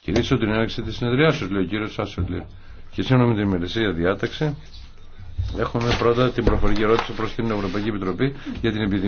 Κυρίσω την έναρξη της συνεδριάσεως, λέει ο κύριος Σάσολη. Και σύμφωνα με την ημερησία διάταξη, έχουμε πρώτα την προφορική ερώτηση προς την Ευρωπαϊκή Επιτροπή για την επιδημία.